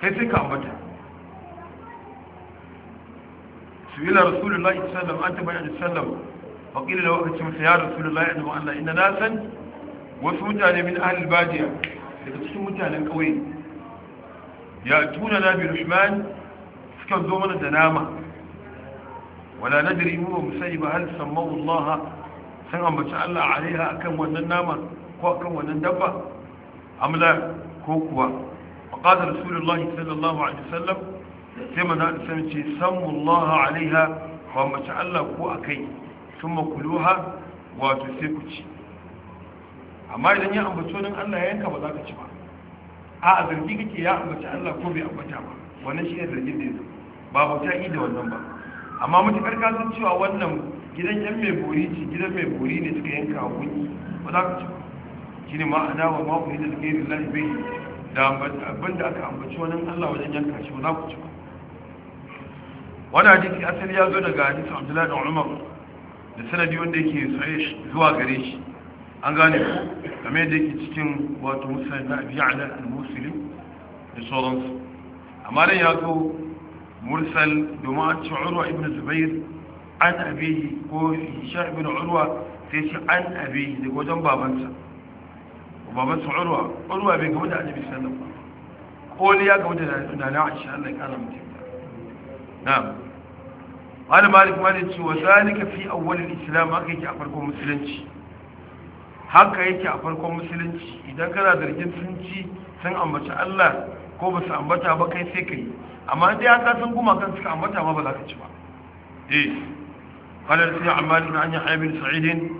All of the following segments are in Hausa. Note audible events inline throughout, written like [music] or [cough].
kai sai ka ambata su ila rasulullah sallam an tabbata da sallam faƙili da wakacin masa ya rasulullah ya zama allah ina na san wasu mutane min ahal badiya daga cikin mutanen ƙauye ya tuna na bi rushman suka zo mana da nama wala nadiri mu ba mu sani ba hal sammahu allah san ambaci allah alaiha akan wannan nama ko akan wannan dabba amla ko kuwa faƙadar rasulullahi sallallahu alaihi wasallam sai mana da sami ce sammullaha alaiha wa mace allah ko a kai sun makuluha wato sai ku ci amma idan ya ambaci wani allah ya yanka ba za ka ci ba a zargi kake ya ambaci allah ko bai ambata ba wannan shi ne zargin da yanzu. zama ba bauta yi da wannan ba amma matuƙar kasan cewa wannan gidan yan mai bori ce gidan mai bori ne suka yanka a gunki ba za ka ci ba shi ne ma'ana wa ma'uri da suke yi lillahi bai da abin da aka ambaci wani Allah wajen yanka shi ba ku ci ba wani hadisi asali ya zo daga hadisi Abdullahi da Umar da sanadi wanda yake sahih zuwa gare shi an gane ku game da yake cikin wato musulun na abu ya'ala al-muslim da sauransu amma dan ya zo mursal domin an ci urwa ibn zubair an abihi ko sha ibn urwa sai shi an abihi daga wajen babansa baban su urwa urwa bai gaba da annabi sallallahu ba ko koli ya gaba da nana aisha Allah ya kara mutum na'am wani malik wani ce wa zalika fi awwalil islam haka yake a farkon musulunci haka yake a farkon musulunci idan kana zargin sun ci sun ambaci Allah ko ba su ambata ba kai sai kai amma dai ka san kuma kan suka ambata ma ba za ka ci ba eh qala sayyid عمال an عن يحيى sa'idin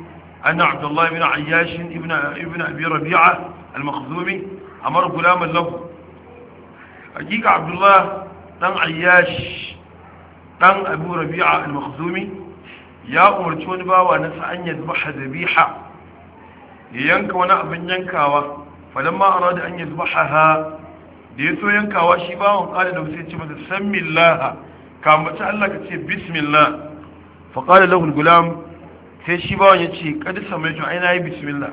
أن عبد الله بن عياش ابن, ابن أبي ربيعة المخزومي أمر غلاما له أجيك عبد الله دان عياش دان أبو ربيعة المخزومي يا أمر تونبا ونسى أن يذبح ذبيحة ينك ونأبن ينكاوة فلما أراد أن يذبحها ليسو ينكاوة شبا وقال له سيتم سمي الله كان بتألك بسم الله فقال له الغلام sai shi bawan ya ce kadi samaitu ai na yi bismillah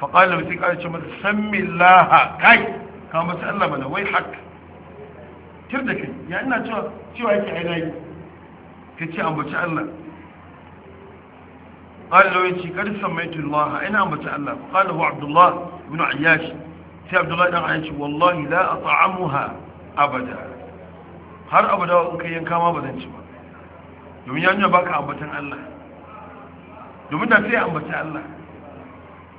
faƙalar sai ƙarar ce masa sammi laha kai ka masa allah mana wai hak tir da kai ya ina cewa cewa yake ai na yi ka ce ambaci allah ƙalar ya ce kadi samaitu laha ina ambaci allah faƙalar wa abdullah ibn ayyashi sai abdullah ɗan ayyashi wallahi la a ta'amuha abada har abada in kai yanka ma ba zan ci ba domin ya nuna baka ambatan allah domin da sai ambaci Allah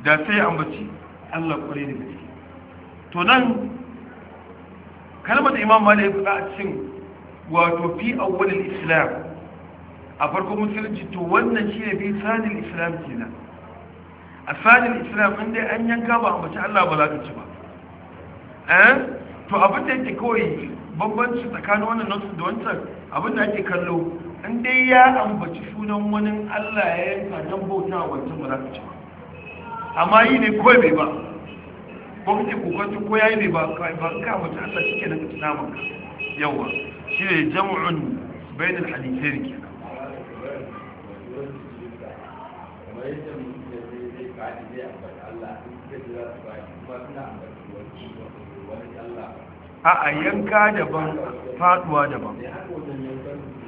da sai ambaci Allah kwarai da gaske to nan kalmar da imam malik ya a cikin wato fi awwalil islam a farko musulunci to wannan shi ne fi sadil islam kenan a sadil islam in dai an yanka ba ambaci Allah ba za ka ci ba eh to abin da yake kawai bambanci tsakanin wannan nasu da wancan abin da ake kallo in dai ya ambaci sunan wani allah ya yanka don bauta wancan ba za ka ci amma yi ne kawai bai ba ko kake kokonci ko yayi ne ba ba ka mutu allah shi ke nan naman ka yawa shi ne jam'un bayan alhadisai ne kenan a a yanka daban faduwa daban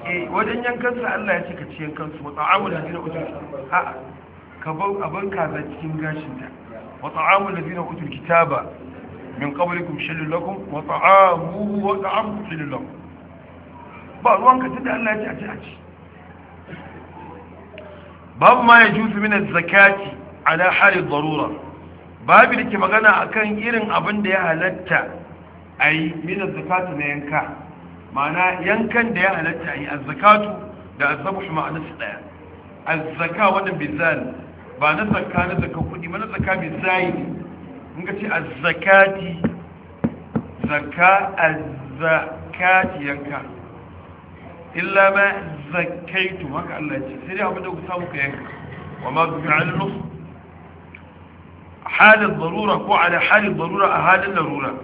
eh wajen yankan su Allah ya ce ka ci yankan su ta'amul ladina utul a a ka bar abin kaza cikin gashin da wa ta'amul ladina utul kitaba min qablikum shillul lakum wa wata wa ta'amuhu shillul lakum ba ruwan ka da Allah ya ce a ci a ci babu ma ya juzu min zakati ala halin darura babu da ke magana akan irin abin da ya halatta a yi minar zakatu na yanka ma'ana yankan da ya halatta a yi azzakatu da shi ma'ana su ɗaya azzaka wannan bizal ba na zakka na zakka kuɗi ba na zakka bizai ne in ka ce azzakati zakka azzakati yanka illa ma zakkaitu haka Allah ya ce sai dai abin da ku samu ka yanka wa ma zubi ala nus halin darura ko ala halin darura a halin darura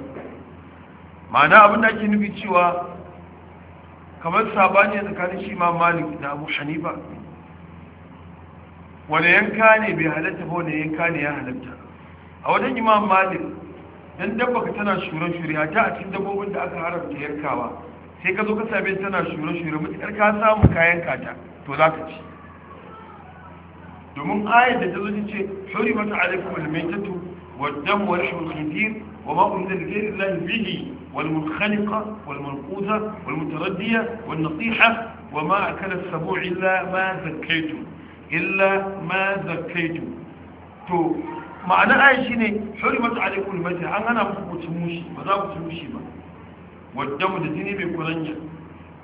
ma'ana abin da ke nufi cewa kamar sabani tsakanin shi ma malik da abu hanifa wani yanka ne bai halatta ba wani yanka ne ya halatta a wajen imam malik don dabba ka tana shure shure a ta a cikin dabbobin da aka haramta yankawa sai ka zo ka same tana shure shure mutukar ka samu kayan kata to za ka ci domin ayar da ta zo ce hurimat alaikum almaitatu wad dam wa lahmul khinzir wa ma unzila ilayhi bihi والمنخنقة والمنقوذة والمتردية والنصيحة وما أكل السبوع إلا ما زكيتم إلا ما زكيتم تو معنى آية شيني حرمت عليكم الميتة أنا أنا متموشي ماذا متموشي ما والدم دزيني بكولنيا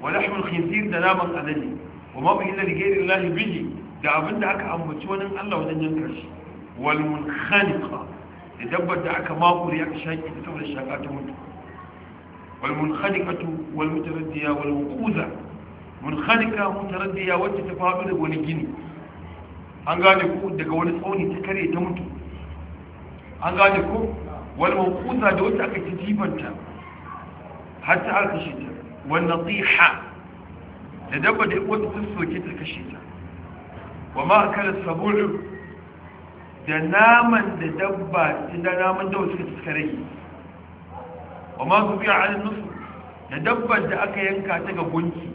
ولحم الخنزير دلاما أدني وما به إلا لغير الله به da abin da aka ambaci wani Allah wajen yanka shi walmun khanika da dabbar da aka makuri aka shaƙi ta saboda shaƙa ta mutu والمنخنقة والمتردية ta faɗo da wani gini an gane ku daga wani tsauni ta kare ta mutu an gane ku wani mawkusa da wata aka ci jibanta har ta aka kashe ta wannan tsiha da dabba da wata ta soke ta kashe ta wa ma kala sabulu da naman da dabba da naman da wasu suka rage wa ma su biya alin nufi? da dabbar da aka yanka ta ga gunki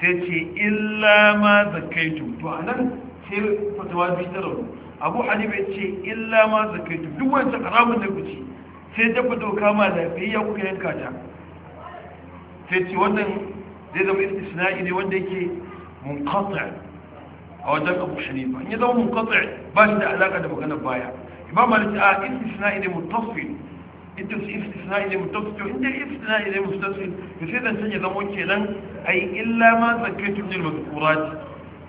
sai ce illa ma zakaitu to a nan sai fatawa biyu ta rabu abu hanifa ce illa ma zakaitu duk wancan haramun da kuci sai dabba doka ma lafiyayya kuka yanka ta sai ce wannan zai zama istisna'i ne wanda yake munqati a wajen abu shanifa in ya zama munqati ba shi da alaka da maganar baya imam malik a ah, istisna'i ne muttasil inda su istisna'i ne mutasil inda istisna'i ne mutasil da sai zan sanya zamo kenan ai illa ma zakaitu min al-mazkurat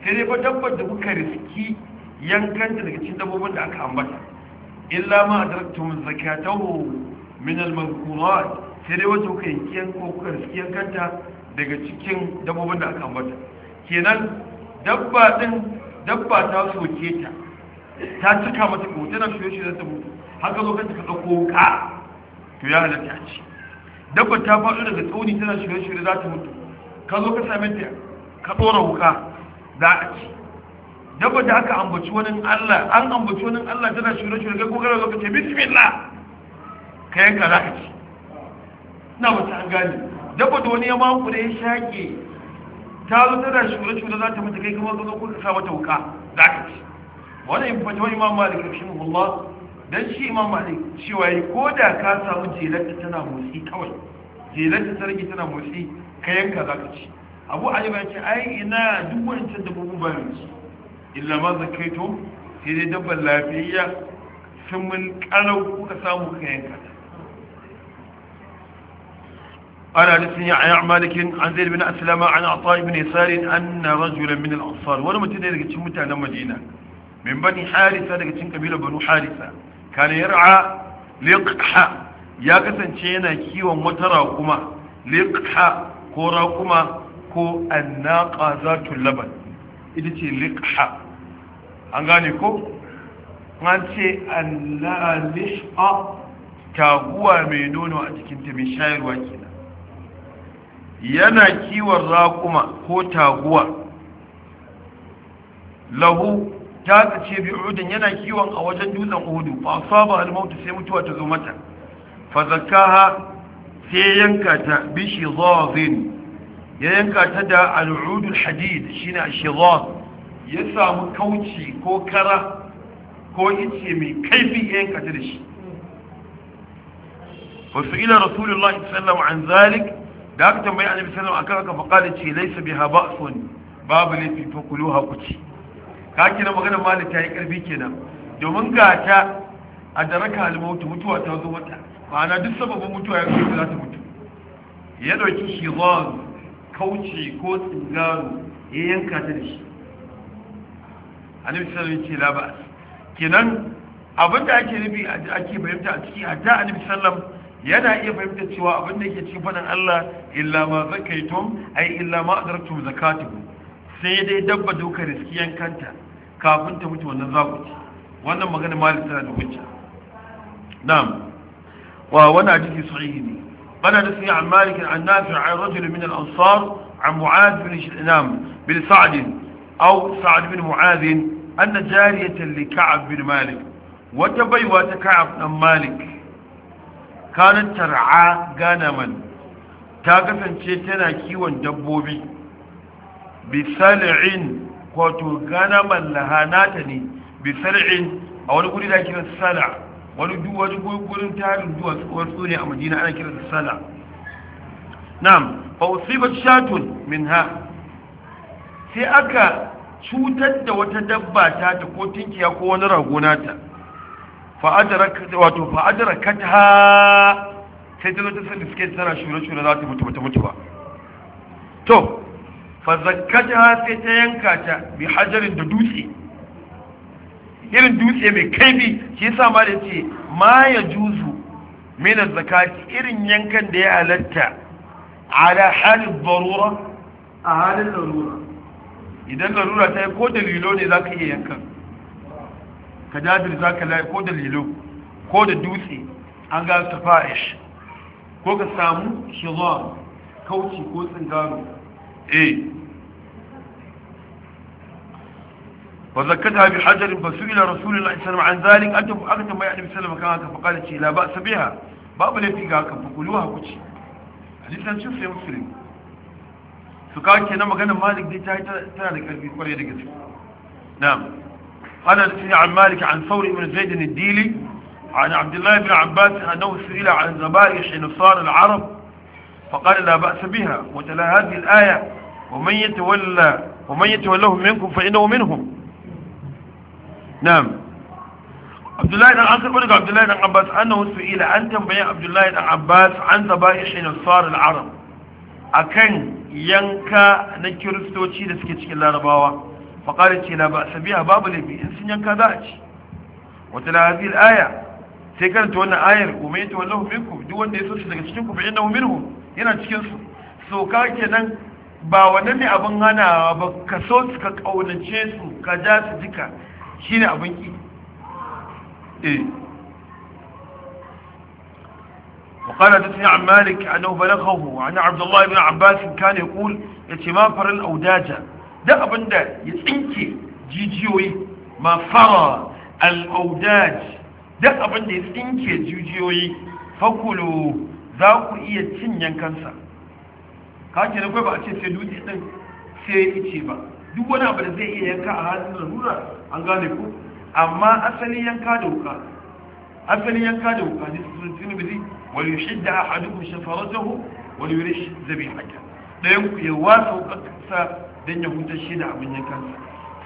sai dai ba dabbar da kuka riski yankanta daga cikin dabbobin da aka ambata illa ma adraktum zakatahu min al-mazkurat sai dai wato kai yankin ko kuka riski yankanta daga cikin dabbobin da aka ambata kenan dabba din dabba ta soke ta ta cika mata ko tana shoye shi ta mutu haka zo kanta ka dauko ka to ya halatta a ci dabba ta faɗo daga tsauni tana shirye-shirye za ta mutu ka zo ka same ta ka ɗora wuka za a ci dabba da aka ambaci wani Allah an ambaci wani Allah tana shirye-shirye kai kokarin zo ka ce bismillah ka yanka za ka ci na wata an gane dabba da wani ya da ya shaƙe ta zo tana shirye-shirye za ta mutu kai kuma zo ka sa mata wuka za ka ci wannan fatawa imam malik rahimahullah don shi imam malik cewa yi ko da ka samu jelarta tana motsi kawai jelarta sarki tana motsi ka yanka za ka ci abu ali ba ce ai ina duk wancan dabbobin ba mu ci illa ma zakaito sai dai dabbar lafiya sun mun kalau kuka samu ka yanka ta قال عن مالك عن زيد بن أسلم عن عطاء بن يسار أن رجلا من الأنصار ولم تدرك متى مدينة من بني حارثة لكن قبيلة بنو حارثة kan yar'a liqha ya kasance yana kiwon wata raƙuma liqha ko raƙuma ko annaqa zatul laban ita ce liqha an gane ko an ce annaqa taguwa mai nono a cikin ta mai shayarwa kenan yana kiwon raƙuma ko taguwa lahu ta tsace bi udun yana kiwon a wajen dutsen uhudu fa asaba al maut sai mutuwa ta zo mata fa zakkaha sai yanka ta bi shidazin ya yanka ta da al udul hadid shine shidaz ya samu kauci ko kara ko ice mai kaifi ya yanka ta da shi فسئل رسول الله صلى الله عن ذلك da aka tambayi annabi sallallahu alaihi wasallam akan haka fa qala ce laysa biha ba'sun babu lafi fa kuluha kuci ka na maganar malik ta yi karfi kenan domin ga ta a daraka almautu mutuwa ta zo mata ma'ana duk sababin mutuwa ya zo za ta mutu ya dauki shizan kauce ko tsingaro ya yanka ta da shi annabi sallallahu alaihi wasallam ba kenan abin da ake nufi ake fahimta a ciki hatta annabi sallam yana iya fahimta cewa abin da yake cikin fadan Allah illa ma zakaitum ay illa ma adartum zakatuhu sai dai dabba dokar riskiyan kanta kafin ta mutu wannan zakuci wannan magana malik tana da hujja na'am wa wani hadisi sahihi ne bana da sahihi an malik an nafi an rajul min al ansar an mu'ad bin shinam bin sa'd aw sa'd bin mu'ad an jariyatan li ka'ab bin malik wata baiwa ta ka'ab dan malik kanat tar'a man. ta kasance tana kiwon dabbobi bisal'in wato gana mallahanata ne bi sar'in a wani guri da kira sala wani duwaji gurgurin tarin wasu ne a madina ana kira sala na'am fa usiba shatun minha sai aka cutar da wata dabba ta ta ko tinkiya ko wani rago nata wato fa adrakatha sai ta zo ta sani suke tana shure-shure za ta mutu ta mutu ba to fa sai ta yanka ta bi hajarin da dutse irin dutse mai kaibi shi yasa ma da ce ma ya juzu min zakati irin yankan da ya halatta ala halin barura a halin larura idan larura ta yi ko dalilo ne za ka iya yankan ka jajir za ka layi ko dalilo ko da dutse an ga Fa'ish. ko ka samu shizon kauci ko tsingaro eh وذكرتها بحجر فسئل رسول الله صلى الله عليه وسلم عن ذلك أجب أكتب ما يعني بسلم كان هكا فقال شيء لا بأس بها باب في هكا فقولوها كتش حديث لن شوف يا مسلم فقال كنا نعم، مغانا مالك دي تاي تانك أربي قرية دي نعم قال نسي عن مالك عن ثور بن زيد الديلي عن عبد الله بن عباس أنه سئل عن ذبائح نصار العرب فقال لا بأس بها وتلا هذه الآية ومن يتولى ومن يتولهم منكم فإنه منهم na'am abdullahi dan an karɓi daga abdullahi dan abbas annahu su'ila an tambayi abdullahi dan abbas an zaba'ihin nasar al-arab akan yanka na kiristoci da suke cikin larabawa faƙari ce na ba sabiya babu laifi in sun yanka za a ci wata na hazil aya sai karanta wannan ayar umai ta wallahu minku duk wanda ya so shi daga cikin ku bayan nahu minhu yana cikin su so ka kenan ba wannan ne abin hana ba ka so su ka kaunace su ka ja su jika shine abin ki eh وقال حدثني عن مالك أنه بلغه عن عبد الله بن عباس كان يقول اتمافر الأوداجة ده أبن ده يتنكي جيجيوي ما فرى الأوداج ده أبن ده يتنكي جيجيوي فكلوا ذاكو إيا تنين كنسا kace ne kai ba a ce sai dutse din sai ya ice ba duk wani abu da zai iya yanka a hannun lura an gane ku amma asalin yanka da wuka asalin yanka da wuka ne sun tirmidhi kun shafarar jahu wani wal yurish zabihata dayan ku ya wasa wukarsa don ya huta shi da abin yanka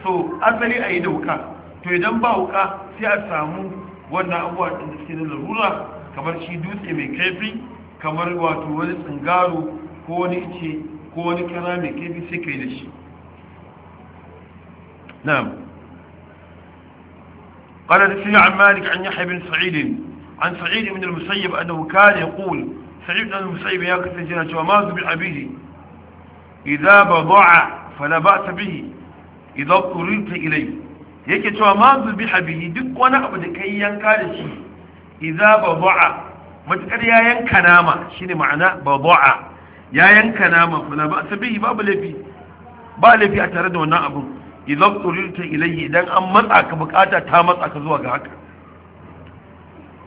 so asali a yi da wuka to idan ba wuka sai a samu wannan abuwa din da suke na larura kamar shi dutse mai kaifi kamar wato wani tsingaro ko wani ice ko wani kara mai kaifi sai kai da shi na'am قال حدثني عن مالك عن يحيى بن سعيد عن سعيد بن المسيب أنه كان يقول سعيد بن المسيب يا كثيرا وما ذبح إذا بضع فلا بأس به إذا اضطررت إليه yake cewa ma zubiha bihi duk wani abu da kai yanka da shi idza badaa matakar ya yanka nama shine ma'ana badaa ya yanka nama fa la ba'sa babu lafi ba lafi a tare da wannan abun idan turinta ilayi idan an matsa ka bukata ta matsa ka zuwa ga haka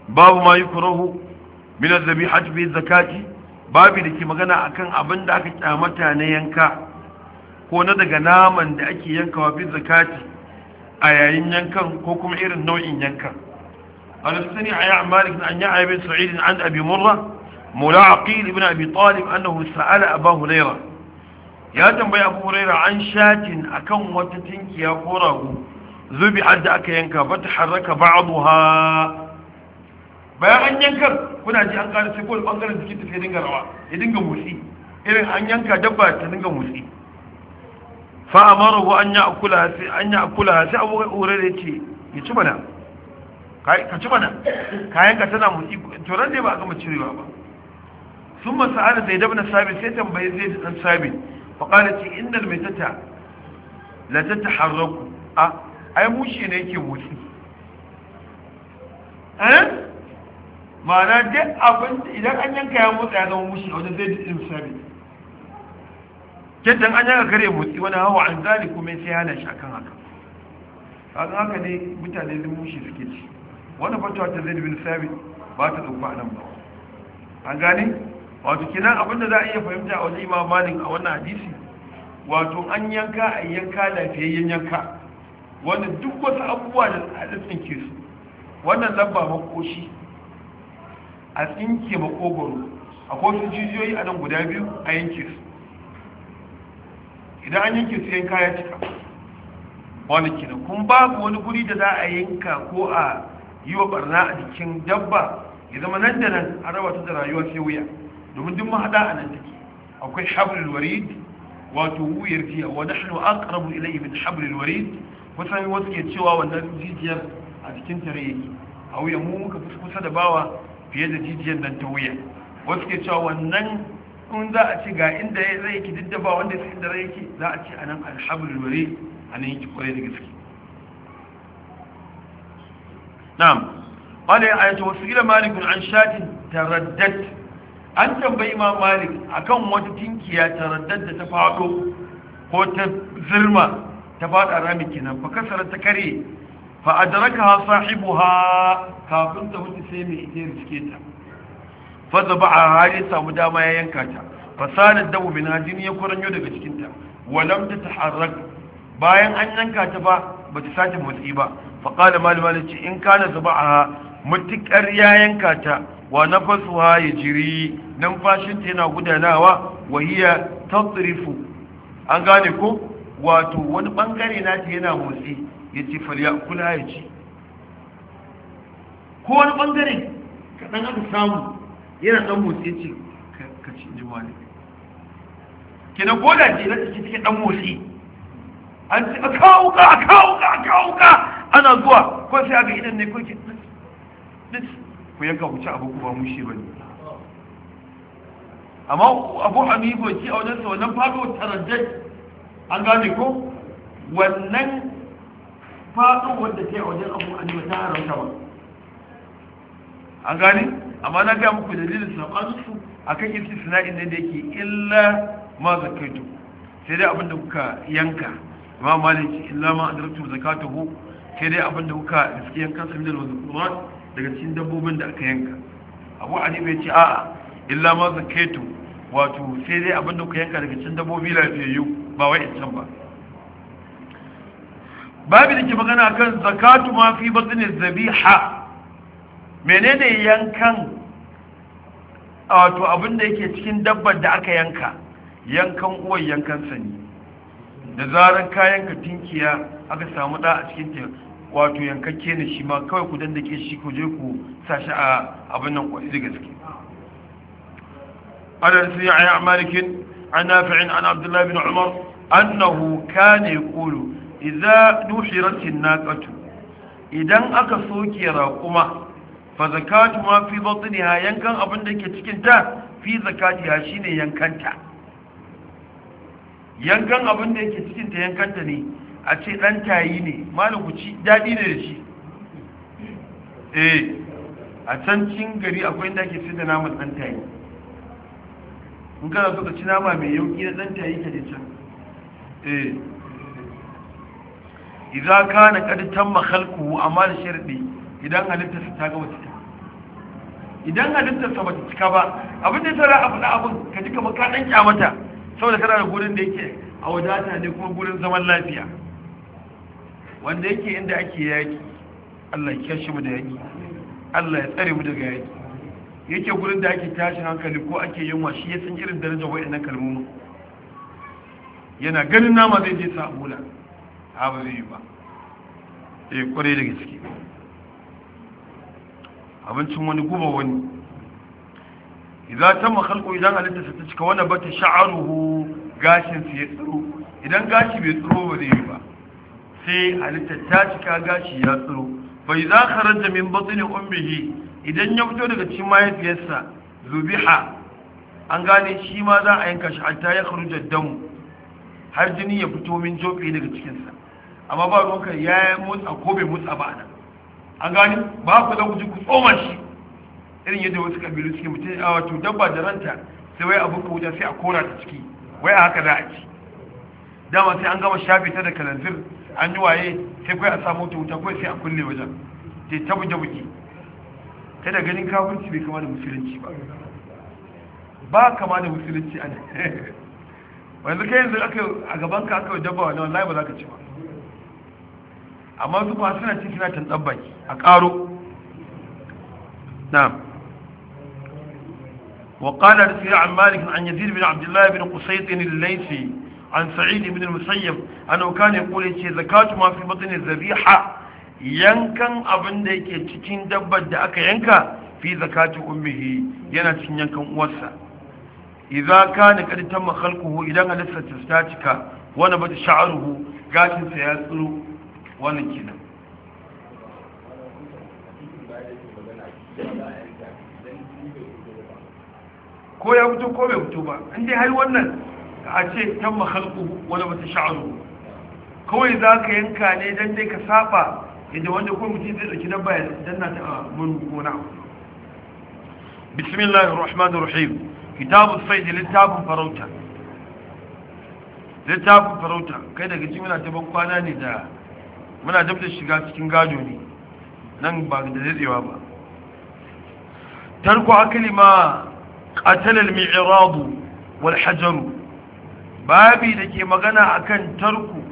babu ma yukrahu min az-zabihati bi zakati babu dake magana akan abin da aka kyamata na yanka ko na daga naman da ake yanka bi zakati a yayin yankan ko kuma irin nau'in yankan al-sunni ayya malik an ya'a bin sa'id an abi murra mula aqil ibn abi talib annahu sa'ala abahu hurayra ya tambayi abu huraira an shatin akan wata tinkiya ko rago zubi hadda aka yanka ba ta harraka ba abu ba'aduha bayan an yankan kuna ji an ƙara sai ɓangaren jikin ta sai dinga rawa ya dinga motsi irin an yanka dabba ta dinga motsi fa amarahu an ya akula sai an ya akula sai abu huraira ce, ya ci mana ka ci mana kayan ka tana motsi to ran dai ba a gama cirewa ba sun masa ana zai dabna sabi sai tambayi zai dan sabi faƙala ce inda mai tata la tata harraku a ai ne yake motsi eh ma'ana duk abin idan an yanka ya motsa ya zama mushi a wajen zai dutse misali jaddan an yanka kare motsi wani hawa an zali kuma sai ya lashe akan haka kaga haka ne mutane zai mushi suke ci wani fatawa ta zai bin sabit ba ta ɗauka nan ba an gane wato kenan da za a iya fahimta a wajen imam malik a wannan hadisi wato an yanka a yanka lafiyayyen yanka wanda duk wasu abubuwa da a tsinke su wannan lamba makoshi a tsinke makogoro a su jijiyoyi a nan guda biyu a yanke su idan an yanke su yanka ya cika wani kenan ba ku wani guri da za a yanka ko a yi wa barna a jikin dabba ya zama nan da nan a rawata da rayuwar sai wuya domin duk mahada a nan take akwai hablul warid wato wuyar giya wa nahnu aqrabu ilayhi min hablul warid wasan wasu ke cewa wannan jijiyar a cikin tare yake a wuya mu muka fi kusa da bawa fiye da jijiyar nan ta wuya wasu ke cewa wannan kun za a ce ga inda ya zai ki duk da ba wanda sai da yake za a ce a nan alhablul warid a nan yake kwarai da gaske na'am قال آية وسئل مالك عن شاة تردت an tambayi imam malik akan wata tinkiya ta da ta fado ko ta zirma ta fada rami kenan fa kasara ta kare fa adrakaha sahibuha kafin ta mutu sai mai ita riske ta fa a hali samu dama ya yanka ta fa sanar dabu min hajin ya kuranyo daga cikin ta walam ta taharrak bayan an yanka ta ba ba ta sace motsi ba fa qala malik ce in kana zaba'a matuƙar ya yanka ta wa nafasuha ya jiri ta yana gudanawa wa hiya tatrifu an gane ko wato wani bangare ta yana motsi ya ce falya kula ya ci ko wani bangare kaɗan aka samu yana ɗan motsi ya ce ka ci jima ne kina ko da ce na ciki cikin ɗan motsi an ce a kawuka, ka a kawuka, a kawuka! ana zuwa ko sai aga idan ne ko ke duk ku yanka ku ci abu ku ba ba ne amma abu amigo ci a wajen sa wannan fado tarajjai an gane ko wannan fado wanda ke a wajen abu amigo ta haramta ba an gane amma na gaya muku dalilin sabansu akan istisna'in ne da yake illa ma zakaitu sai dai abin da kuka yanka imam Maliki, illa ma adraktu zakatuhu sai dai abin da kuka riski yankan sa min al daga cikin dabbobin da aka yanka abu ali bai ce a'a illa ma zakaitu wato sai dai abin da kuka yanka daga cikin dabbobi lafiyayyu ba wai can ba babu da ke magana kan zakatu ma fi batsinin zabiha menene yankan wato abin da yake cikin dabbar da aka yanka yankan uwan yankan sani da zarar kayan ka tinkiya aka samu da a cikin teku wato yankakke ne shi ma kawai ku dandake shi ku je ku sashi a abin nan kwari da gaske ana sai ya yi malikin an nafi'in an abdullahi bin umar annahu kana yaqulu idza nuhiratin naqatu idan aka soke raquma fa zakatu ma fi batniha yankan abin da ke cikin ta fi ha shine yankanta yankan abin da yake cikin ta yankanta ne a ce ɗan tayi ne ku ci daɗi ne da shi eh a can cin gari akwai inda ke sai da naman ɗan tayi in kana so ka ci nama mai yauƙi na ɗan tayi ka je can eh idza kana qad tamma khalquhu amma da sharadi idan halitta ta ga wata idan halittar ba bata cika ba abin da tara a faɗa abin ka ji kamar ka ɗan kyamata saboda kana da gurin da yake a wadata ne kuma gurin zaman lafiya wanda yake inda ake yaki Allah ya kiyashe mu da yaki Allah ya tsare mu daga yaki yake gurin da ake tashin hankali ko ake yunwa shi ya san irin darajar wa'annan kalmomin yana ganin nama zai je sa mula ha ba zai yi ba sai eh, kwarai da gaske abincin wani guba wani idan ta makhalko idan halitta ta cika wani bata sha'aruhu gashin su ya tsiro idan gashi bai tsiro ba zai yi ba sai halittar ta cika gashi ya tsiro bai za ka ranta min batsini ummihi idan ya fito daga cikin mahaifiyarsa zubiha an gane shi ma za a yanka shi hatta ya kharuja damu har jini ya fito min jobe daga cikinsa amma ba ruwanka ya yi motsa ko bai motsa ba nan an gane ba ku za ku ji ku tsoma shi irin yadda wasu kabilu suke mutum a wato dabba da ranta sai wai abun ka wuta sai a kora ta ciki wai a haka za a ci dama sai an gama shafe ta da kalanzir an yi waye sai kai a samu ta wuta kai sai a kulle wajen sai ta buje buje. kai da ganin kafirci bai kama da musulunci ba ba kama da musulunci a [laughs] wanzu kai yanzu aka a gaban ka aka yi dabba wani wallahi ba za ka ci ba amma su ba suna cin suna tantan baki a ƙaro na'am وقال رسول عن مالك عن يزيد بن عبد الله بن قسيط الليثي an sa'id ibn al-musayyib an kan yaqul yace zakatu ma fi batni zabiha yankan abin da yake cikin dabbar da aka yanka fi zakati ummihi yana cikin yankan uwarsa idza kana qad tamma khalquhu idan halitta ta wana bat sha'ruhu gashin sa ya tsuru wannan kina ko ya fito ko bai fito ba in har wannan a ce tamma khalquhu wala bata sha'ru kawai za ka yanka ne dan dai ka saba inda wanda kuma mutum zai dauki dabba ya danna ta mun gona bismillahir rahmanir rahim kitabus sayd littafin farauta littafin farauta kai daga cikin muna taban kwana ne da muna dab da shiga cikin gado ne nan ba da dadewa ba tarko akali ma qatal al mi'rad wal hajar babi da ke magana a kan tarku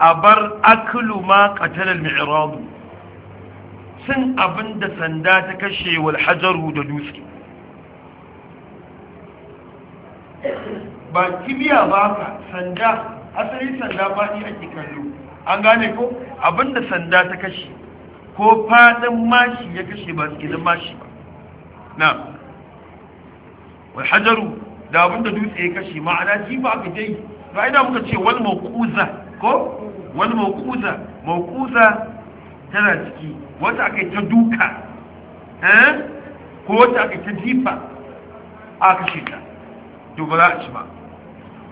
a bar aklu ma qatala al-mi'rad sun abinda sanda ta kashe wal da dutse ba kibiya ba ka sanda asali sanda faɗi ake kallo an gane ko abinda sanda ta kashe ko faɗin mashi ya kashe ba su mashi ba na wal da abinda dutse ya kashe ma'ana jifa aka je yi ba ina muka ce wal mawquza ko wal mawquza mawquza tana ciki wata aka yi ta duka eh ko wata aka yi ta jifa aka kashe ta to ba za a ci ba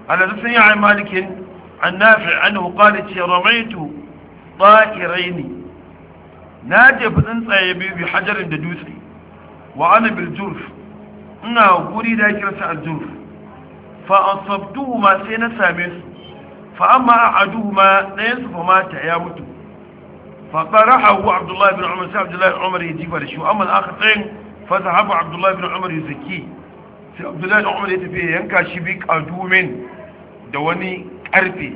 ala da sun yi a malikin an nafi an hukali ce ramaitu ɗa'irai ne na jefi tsuntsaye biyu bi hajarin da dutse wa ana biljurf ina guri da ake rasa aljur fa asabtuhu ma sai na same su fa amma aduhu ma ɗayan su fa mata ya mutu fa qarahu abdullahi bin umar sai abdullahi bin umar ya jifa da shi amma al-akhar tsayin fa zahaba abdullahi bin umar ya zaki sai abdullahi bin umar ya tafi ya yanka shi bi qadumin da wani ƙarfe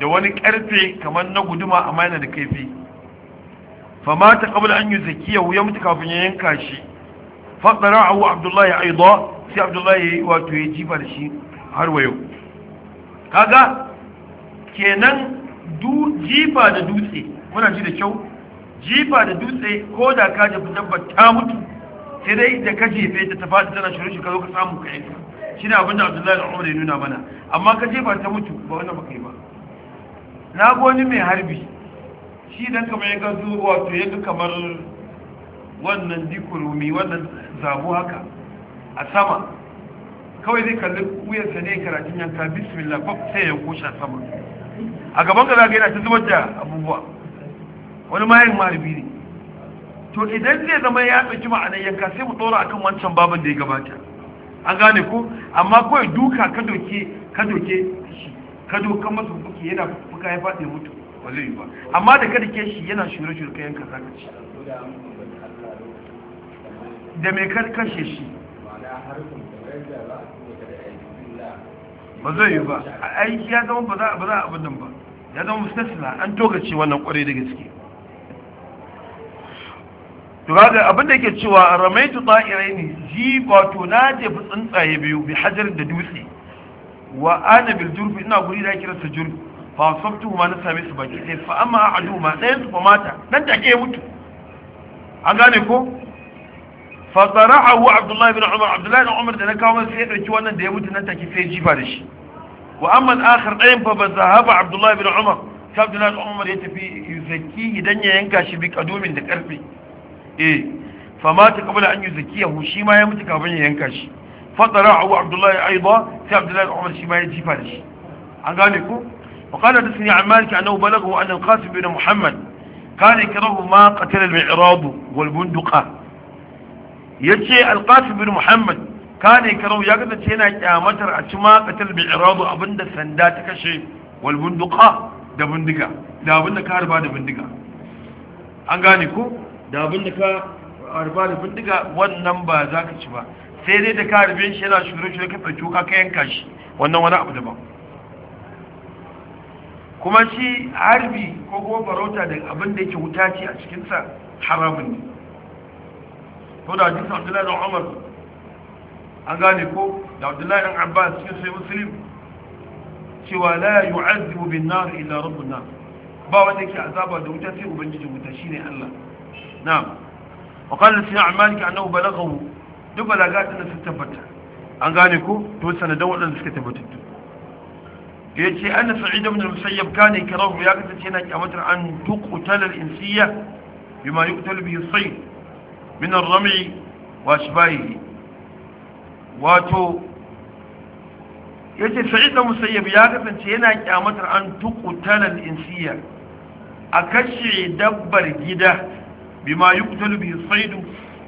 da wani karfe kamar na guduma a yana da kaifi fa mata qabla an yi yuzakiyahu ya mutu kafin ya yanka shi faɗara abu abdullahi aida sai abdullahi wato ya jifa da shi har wayo kaga kenan jifa da dutse muna ji da kyau jifa da dutse ko da ka jefi dabba ta mutu sai dai da ka jefe ta tafaɗi tana shirin shi ka zo ka samu ka yanka shi ne abinda abdullahi al'umar ya nuna mana amma ka jefa ta mutu ba wannan ba kai ba na ga wani mai harbi shi dan kamar ya ga zuwa wato ya ga kamar wannan dikurumi wannan zabu haka a sama kawai zai kalli wuyansa ne karatun yanka bismillah ko sai ya a sama a gaban ka zaga yana ta zubar da abubuwa wani mayan marubi ne to idan zai zama ya ɗauki ma'anar yanka sai mu ɗora akan wancan babin da ya gabata an gane ko amma kawai duka ka doke ka doke shi ka doka masa kuke yana fuka ya faɗi mutu ba zai yi ba amma da ka dake shi yana shure-shure ka yanka zaka ci da mai karkashe shi ba zai yi ba aiki ya zama ba za a abin ba ya zama mustasila an togace wannan kwarai da gaske turaga abinda ke cewa ramaitu tsa'irai ne ji wato na jefi tsuntsaye biyu bi hajar da dutse wa ana bil jurfi ina guri da kira su jurfi fa sabtu ma na same su baki sai fa amma a ma ɗayan su fa mata nan take mutu an gane ko fasarahu abdullahi bin umar abdullahi bin umar da na kawo sai ya dauki wannan da ya mutu nan take sai jifa da shi wa amma al-akhir dayan fa bazahaba abdullahi bin umar sai abdullahi bin umar ya tafi yuzaki idan ya yanka shi bi kadumin da karfi eh fa ta qabla an yi yuzakiyahu shi ma ya mutu kafin ya yanka shi Abdullahi Abdullahi sai فضرعه عبد الله أيضا في عبد الله عمر شمال الجفارش أقالكم وقال تسني عن مالك أنه بلغه أن القاسم بن محمد كان يكره ما قتل المعراض والبندقة yace alqasim bin muhammad kane karau ya gaza ce yana kyamatar a cima qatal bi iradu abinda sanda ta kashe wal bunduqa da bindiga da abinda ka harba da bindiga an gane ko da abinda ka harba da bindiga wannan ba za ka ci ba sai dai da ka harbe shi yana shuru shure ka tsaki ka yanka shi wannan wani abu daban kuma shi harbi ko kuma farauta da abinda yake wuta ce a cikinsa haramun ne to da hadisin abdullahi dan umar an gane ko da abdullahi dan abbas cikin sai muslim cewa la yu'azzibu bin nar illa rabbun nar ba wanda ke azaba da wuta sai ubangijin wuta ne Allah na na'am wa qala sina amalika annahu balaghahu duk balagatin da sun tabbata an gane ko to sanadan wadanda suka tabbata yace anna sa'id ibn al-musayyib kana karahu ya kace yana kyamatar an tuqtal al-insiyya bima yuqtal bihi as-sayd min rami wa ashbahihi wato yace sa'id da musayyib ya kasance yana kyamatar an tuqtalan insiyya a kashe dabbar gida bima yuqtalu bi saidu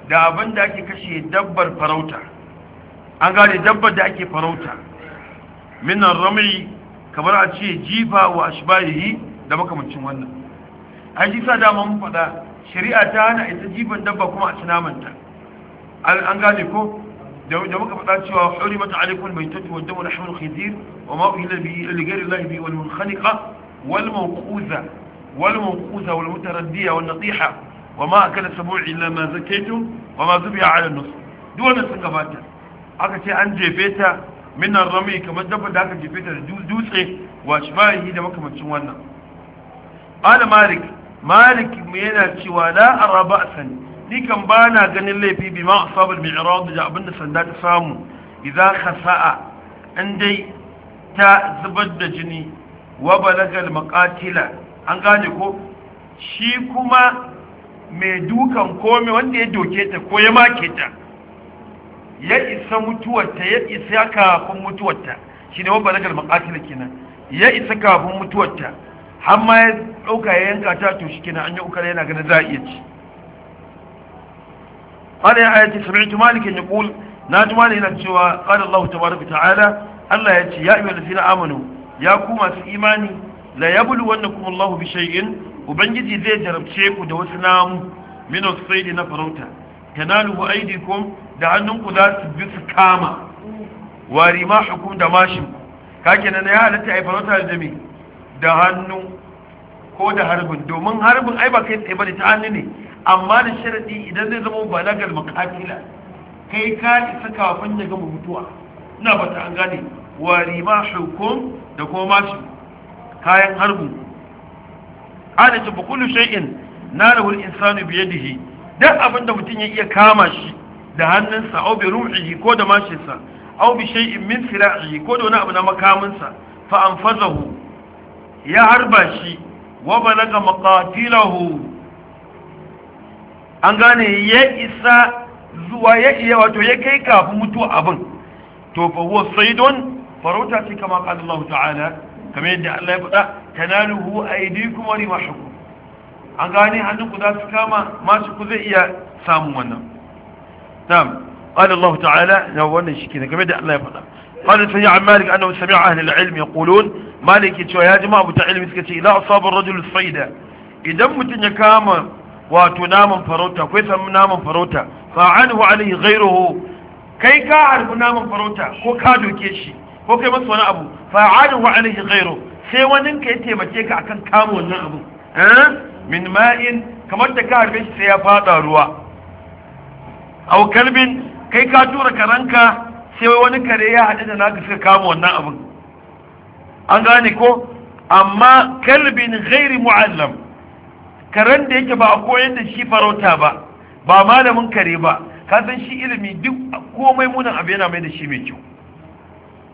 da abinda ake kashe dabbar farauta an gane dabbar da ake farauta min rami kamar a ce jifa wa ashbahihi da makamancin wannan a ji sa dama mun faɗa shari'a ta hana ita jifan dabba kuma a cinamanta an gane ko da muka faɗa cewa hurimat mai baitatu wadda wani lahmul khidir wa ma uhilla bi lighairi allahi bi wal munkhaniqa wal mawquza wal mawquza wal mutaraddiya wal natiha wa ma akala sabu' illa ma zakaytum wa ma zubiya ala nus duk wannan sun gabata aka ce an jefe ta minan rami kamar dabba da aka jefe ta da dutse wa shi shibahi da makamancin wannan qala malik mu yana cewa la araba san ni kan ba na ganin laifi bi ma asabul mi'rad da abinda sanda ta samu idza khasa'a an dai ta zubar da jini wa balagal maqatila an gane ko shi kuma mai dukan komai wanda ya doke ta ko ya make ta ya isa mutuwarta ya isa kafin mutuwarta shi ne wa balagal maqatila kenan ya isa kafin mutuwarta har ma ya ɗauka ya yanka ta to shi kenan an yi ukar yana ganin za a iya ci hada ya ayati sami'tu malikin ya kul na ji yana cewa qala Allah tabaraka ta'ala Allah ya ce ya ayyuhal ladina amanu ya ku masu imani la yabluwannakum Allah bi shay'in ubangiji zai jarabce ku da wasu namu min as na farauta tanaluhu aydikum da hannunku za su bi su kama wa rimahukum da mashin kake nan ya halatta a farauta da mi da hannu ko da harbin domin harbin ai ba kai tsaye bane ta hannu ne amma da sharadi idan zai zama balagal makatila kai ka isa kafin ya gama mutuwa ina ba ta an gane wa rima hukum da kuma mashi kayan harbin ana ce ba kullu shay'in nalahu al-insanu bi yadihi duk da mutum ya iya kama shi da hannunsa au bi ruhihi ko da mashinsa au bi shay'in min silahihi ko da wani abu na makaminsa fa anfazahu ya harba shi wa balaga maqatilahu an gane ya isa zuwa ya iya wato ya kai kafin mutuwa abin to fa huwa saidun farauta ce kama qala Allah ta'ala kamar yadda Allah ya faɗa tanaluhu aydikum wa rimahukum an gane hannun ku za su kama masu ku zai iya samun wannan tam qala Allah ta'ala na wannan shi kenan kamar yadda Allah ya faɗa قال سمع مالك أنه سمع أهل العلم يقولون مالك يتوى يا جماعة بتاع علم سكتي إذا أصاب الرجل الصيدة إذا متن يكام وتنام فروتا فروتا فعنه عليه غيره kai ka harbi naman farauta ko ka doke shi ko kai masa wani abu fa'alu wa alaihi ghairu sai wani ka taimake ka akan kama wannan abu eh min ma'in kamar da ka harbe shi sai ya fada ruwa aw kai ka tura karanka sai wani kare ya haɗu da naka suka kama wannan abin an gane ko amma kalbin ghairi mu'allam karen da yake ba a koyar da shi farauta ba ba malamin kare ba ka san shi ilimi duk komai munan abu yana mai da shi mai kyau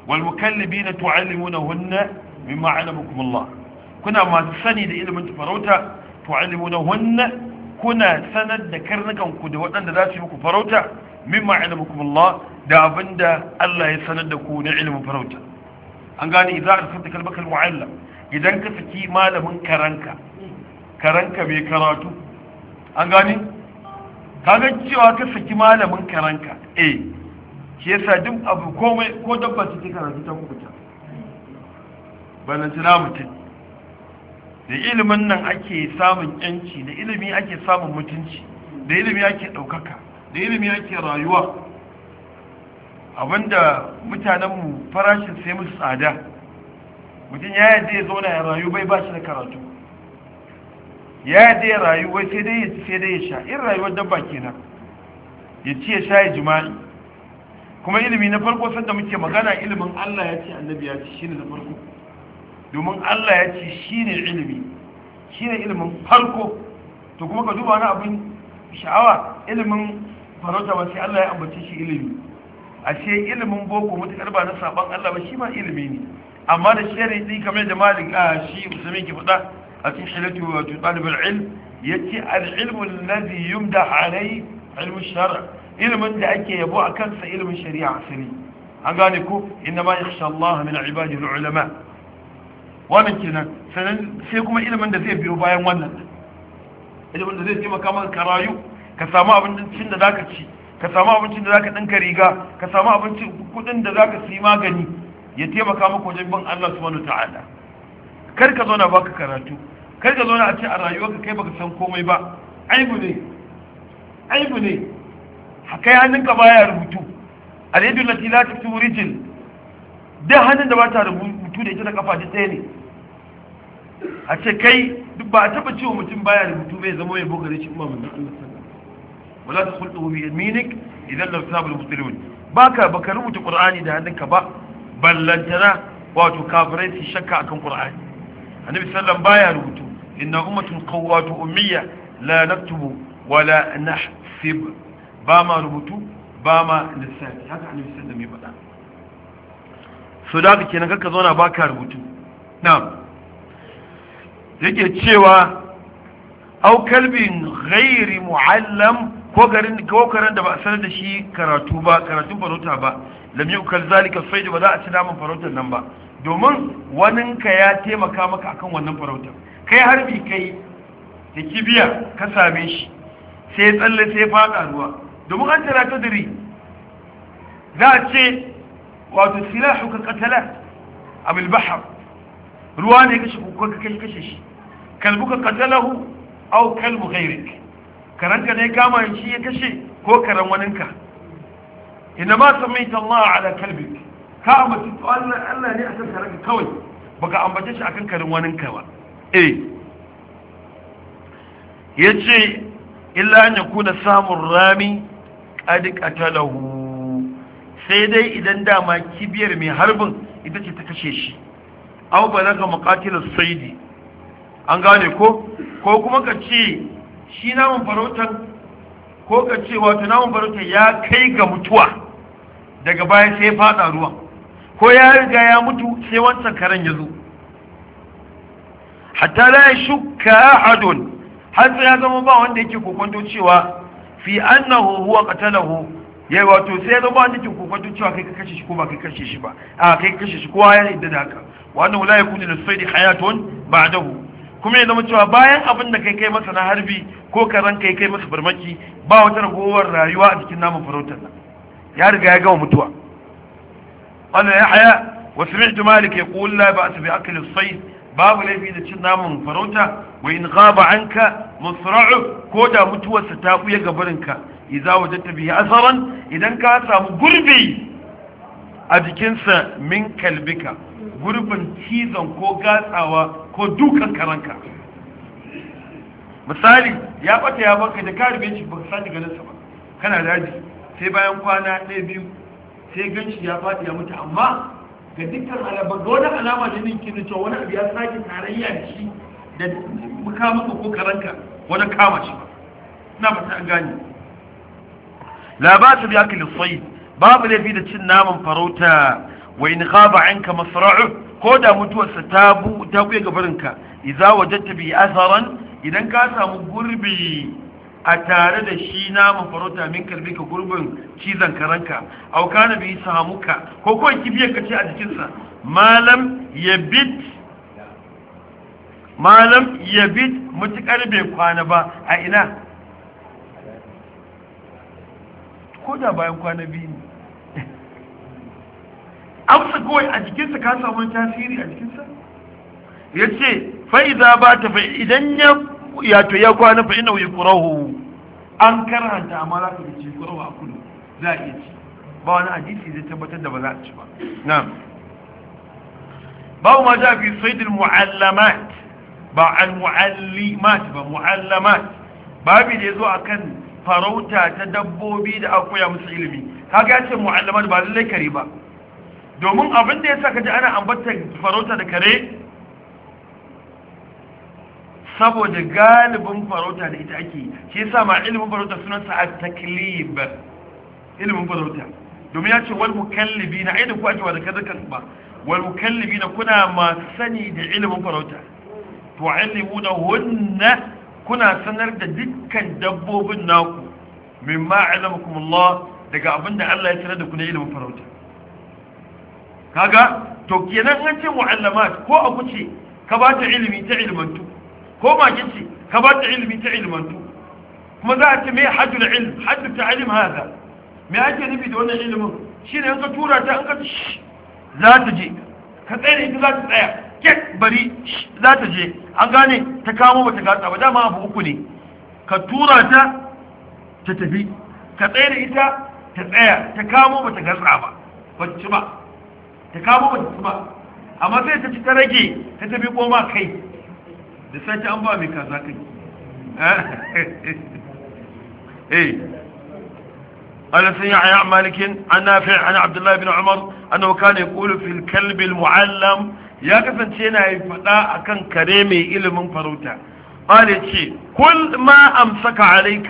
wal mukallibina hunna mimma 'allamakum Allah kuna masu sani da ilimin farauta hunna kuna sanar da karnukan ku da waɗanda za su yi muku farauta mimma ilmukum Allah da abinda Allah ya sanar da ku na ilmin farauta an gane idan arsalta kalbaka mu'allam idan ka saki malamin karanka karanka mai karatu an gane kaga cewa ka saki malamin karanka eh shi yasa duk abu komai ko dabba ce ta karatu ta kubuta balantana mutum da ilimin nan ake samun yanci da ilimi ake samun mutunci da ilimi ake ɗaukaka da ilimi yake rayuwa abinda mutanenmu farashin sai musu tsada mutum ya yadda ya zauna ya rayu bai ba shi da karatu ya yadda ya rayu bai sai dai ya sai dai ya sha in rayuwar dabba kenan ya ci ya sha ya jima'i kuma ilimi na farko sanda muke magana ilimin Allah ya ce annabi ya ci shine na farko domin Allah ya ce shine ilimi shine ilimin farko to kuma ka duba wani abin sha'awa ilimin farauta ba sai Allah ya ambace shi ilimi ashe ilimin boko mutakar ba na saban Allah ba shi ma ilimi ne amma da sharidi kamar da malik a shi musulmi ki faɗa a cikin shiratu wa tutalibul ilm yace al-ilmu alladhi yumda alai ilmu shar' ilimin da ake yabo a sa ilimin shari'a asali an gane ku inna ma yakhsha Allah min ibadihi al-ulama wannan kenan sai kuma ilimin da zai biyo bayan wannan ilimin da zai taimaka maka karayu ka samu abincin da zaka ci ka samu abincin da zaka dinka riga ka samu abincin kudin da zaka siya magani ya taimaka maka wajen bin Allah subhanahu ta'ala kar ka zauna baka karatu kar ka zauna a ce a rayuwarka kai baka san komai ba aibu ne aibu ne haka hannunka baya rubutu alaydu lati la taktubu rijl da hannun da ba ta rubutu da ita da kafa ta tsaye ne a ce kai duk ba a taba cewa mutum baya rubutu bai zama mai bogare shi kuma mun Allah wala tukhudhu bi yaminik idan lam tabul muslimun baka baka rubuta qur'ani da hannunka ba ballantana wato kafirai su shakka akan qur'ani annabi sallam baya rubutu inna ummatun qawwatu ummiya la naktubu wala nahsib ba ma rubutu ba ma lissafi haka annabi sallam ya faɗa so kenan kakka zauna baka rubutu na'am yake cewa au kalbin ghairi mu'allam ko garin ko da ba a sanar da shi karatu ba karatun farauta ba lam yukal zalika saydu ba za a ci naman farautar nan ba domin wanin ka ya taimaka maka akan wannan farautar kai harbi kai da kibiya ka same shi sai tsalle sai faɗa ruwa domin an tara ta diri za a ce wato silahu ka katala a bilbahar ruwa ne kashe kuka kashe shi kalbu ka katalahu au kalbu gairik karanka ne kama shi ya kashe ko karan waninka inna ma samaita Allah ala kalbi ka ambaci Allah Allah ne akan ka kawai baka ambace shi akan karin waninka ba eh yace illa an yakuna samun rami qad qatalahu sai dai idan dama kibiyar mai harbin ita ce ta kashe shi aw balaga maqatil saidi an gane ko ko kuma ka ce shi namun farautan ko ka ce wato namun farautan ya kai ga mutuwa daga baya sai ya fada ruwan ko ya riga ya mutu sai wancan karen ya zo hatta la shukka ahadun har sai ya zama ba wanda yake kokonto cewa fi annahu huwa qatalahu ya wato sai ya zama wanda yake kokonto cewa kai ka kashe shi ko ba kai kashe shi ba a kai kashe shi ko ya yadda da haka wannan la yakunu lis-saydi hayatun ba'dahu kuma ya zama cewa bayan abin da kai kai masa na harbi ko karan kai kai masa farmaki ba wata ragowar rayuwa a jikin namun farautar nan ya riga ya gama mutuwa wannan ya haya wa sami'tu malik yaqul la su bi akli sai babu laifi da cin namun farauta wa in an anka musra'u ko da mutuwarsa ta buya gabarinka wajen ta biya asaran idan ka samu gurbi a jikinsa min kalbika gurbin cizon ko gatsawa ko dukan karanka misali ya bata ya baka da ka rube shi ba ka daga nan sa ba kana daji sai bayan kwana ɗaya biyu sai ganshi ya fadi ya mutu amma ga dukkan alama ga wani alama da ninki na cewa wani abu ya sake tarayya da shi da mukamuka ko karanka wani kama shi ba Ina fata an gane labasu bi akli sayyid babu laifi da cin naman farauta wa in khaba anka masra'u ko da mutuwarsa ta bu ta kuye gabarinka wajen wajadta bi asaran idan ka samu gurbi a tare da shi naman farauta min kalbi ka gurbin cizon karanka na kana bi samuka ko ko kibiyar ka ce a jikinsa malam yabit malam yabit bai kwana ba a ina ko da bayan kwana biyu kawai a jikinsa ka samu wani tasiri a jikinsa ya ce fa'iza ba ta fa idan ya yato ya kwana fa ina wuyi kurahu an karanta amma za ka da ci kurahu a kudu za a iya ci ba wani hadisi zai tabbatar da ba za a ci ba na babu ma a fi saidin mu'allamat ba al mu'allimat ba mu'allamat babu da ya zo a kan farauta ta dabbobi da akwai musu ilimi kaga ya ce mu'allamat ba lallai kare ba domin abin da ya sa kaji ana ambatar farauta da kare saboda galibin farauta da ita ake shi sa ma ilimin farauta suna sunansa a taklib ilimin farauta domin ya ce wal mukallibi na ainihin ku ake wa kada kazakan ba wal mukallibi na kuna masu sani da ilimin farauta to ilimu na hunna kuna sanar da dukkan dabbobin naku mimma ilamakum Allah daga abin da Allah ya sanar da ku na ilimin farauta kaga to kenan an ce mu'allamat ko a kuce ka ba ta ilimi ta ilmantu ko makin ce ka ba ta ilimi ta ilmantu kuma za a ce mai hajjul ilm hajjul ta ilim haza me ake nufi da wannan ilimin shi ne ka tura ta an ka za ta je ka tsaye da ita za ta tsaya kek bari za ta je an gane ta kamo ba gatsa ba dama abu uku ne ka tura ta ta tafi ka tsaye da ita ta tsaya ta kamo ba gatsa ba ba ci ba ta kama ba ta ba amma sai ta ci ta rage ta tafi koma kai da sace an ba mai kaza kai eh قال سيحيى عن مالك عن نافع عن عبد الله بن عمر أنه كان يقول في الكلب المعلم يا كفن سينا يفتاء كان كريمي إلى من فروتا قال يتشي كل ما أمسك عليك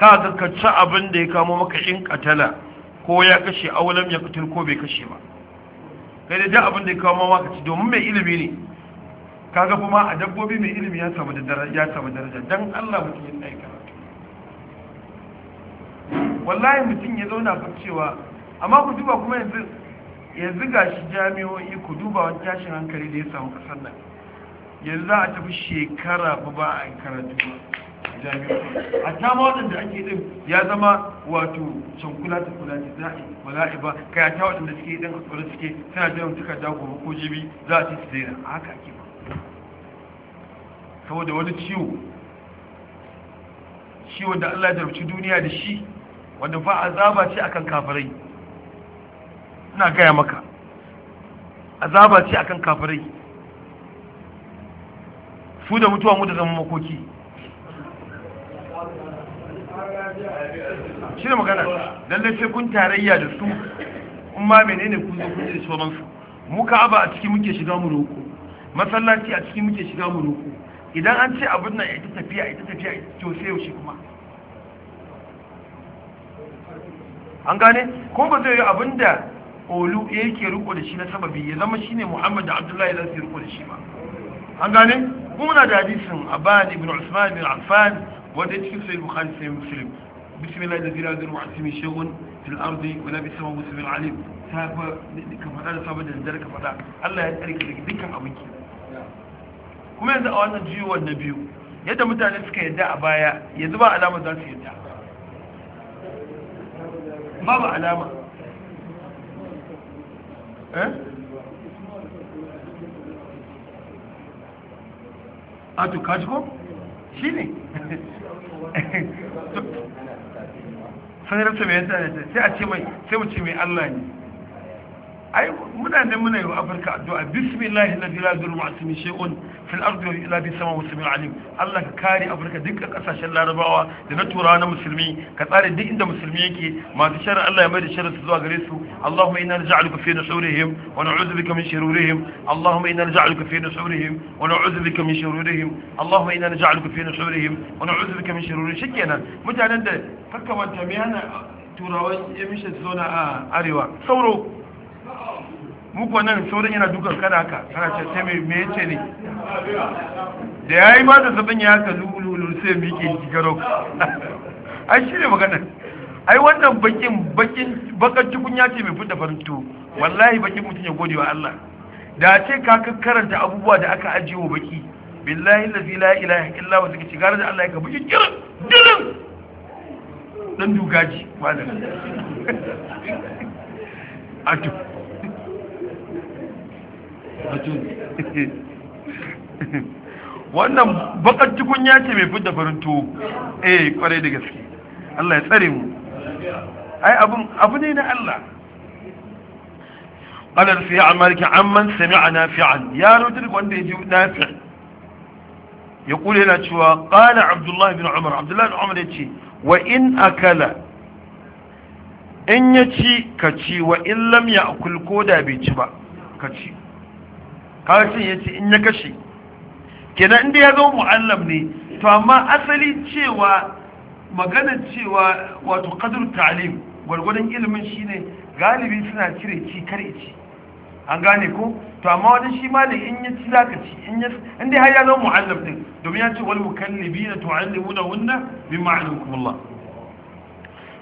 كاذا كتشاء بندي كامو مكشين قتلا كو يا كشي أو لم يقتل كو بكشي ما kai da ja abin da ya kawo mawa ka ci domin mai ilimi ne kaga kuma a dabbobi mai ilimi ya samu daraja don samu daraja dan Allah mutum ya tsaye karatu wallahi mutum ya zauna fa cewa amma ku duba kuma yanzu yanzu gashi jami'o'i ku duba wani tashin hankali da ya samu kasar nan yanzu za a tafi shekara ba ba a karatu ba a tama waɗanda ake din ya zama wato shankula ta kula ta za'i wala'i ba kai a ta waɗanda suke idan a suke suna jiran suka dago gobe ko jibi za a cikin zaira a haka ake ba saboda wani ciwo ciwo da Allah ya rufci duniya da shi wanda ba azaba ce akan kafirai ina gaya maka azaba ce akan kafirai su da mutuwa mu da zama makoki shi ne magana lalle ce kun tarayya da su kun ma menene kun zo kun ji sauransu mu aba a ciki muke shiga mu roko masallaci a ciki muke shiga mu roko idan an ce abin nan ita tafiya ita tafiya to sai yaushe kuma an gane ko ba zai yi abin da olu yake riko da shi na sababi ya zama shine muhammad da abdullahi zai riko da shi ba an gane kuma da hadisin abani ibn usman ibn affan وانت في صحيح البخاري صحيح مسلم بسم الله الذي لا يدر معتم شغل في الارض ولا بسم الله مسلم العليم سابا كما قال سابا ذلك فضاء الله يسالك لك دكا ابيك كما يدعى وانا جيو والنبي يدعى متعنسك يدعى بايا يدعى علامة ذات يدعى ما هو علامة أه؟ أتو كاجكم؟ shi ne sanarar mai yanta da sai a ce mai sai mu ce mai Allah ne ai muna nan muna yi afirka addu'a bismillah alladhi la yadurru ma'a ismihi shay'un fil ardi wa ila bis sama wasmi alim Allah ka kare afirka duka kasashen larabawa da na turawa na musulmi ka tsare duk inda musulmi yake masu sharri Allah ya mai da su zuwa gare su Allahumma inna naj'aluka na nusurihim wani uzu bika min shururihim Allahumma inna naj'aluka na nusurihim wani uzu bika min shururihim Allahumma inna naj'aluka fi nusurihim wa na'udhu bika min shururihim shikenan mutanen da kakkamanta mai hana turawan emissions zona a arewa sauro mu ko nan shorin yana dukan kada haka kana ce sai me yace ne da yayi ma da sabin ya haka lululu sai miƙe gigaro [laughs] ai shi ne magana ai wannan bakin bakin bakan tukunya ce mai fita farin tuwo wallahi bakin mutum ya gode wa Allah da ce ka karanta abubuwa da aka ajiye wa baki billahi allazi la ilaha illa wa suka ci da Allah ya ka buki jirin jirin dan dugaji wallahi [laughs] a duk wannan bakar cikin ya ce mai fidda farin tuwo eh kwarai da gaske Allah ya tsare mu ai abu ne na Allah su qadar fi amalki sami a nafi'an ya da wanda ya ji nafi ya kula yana cewa qala abdullahi bin umar abdullahi bin umar ya ce wa in akala in ya ci ka ci wa in lam ya akul ko da bai ci ba ka ci kawai ya ce in ya kashe kenan inda ya zama mu'allam ne to amma asali cewa maganar cewa wato kadar ta'alim gwargwadon ilimin shine galibi suna cire ci kar ci an gane ko to amma wajen shi ma da in ya ci zaka ci in ya in dai har ya zama mu'allim din domin ya ce wal mukallibina tu'allimuna hunna bima alimukumullah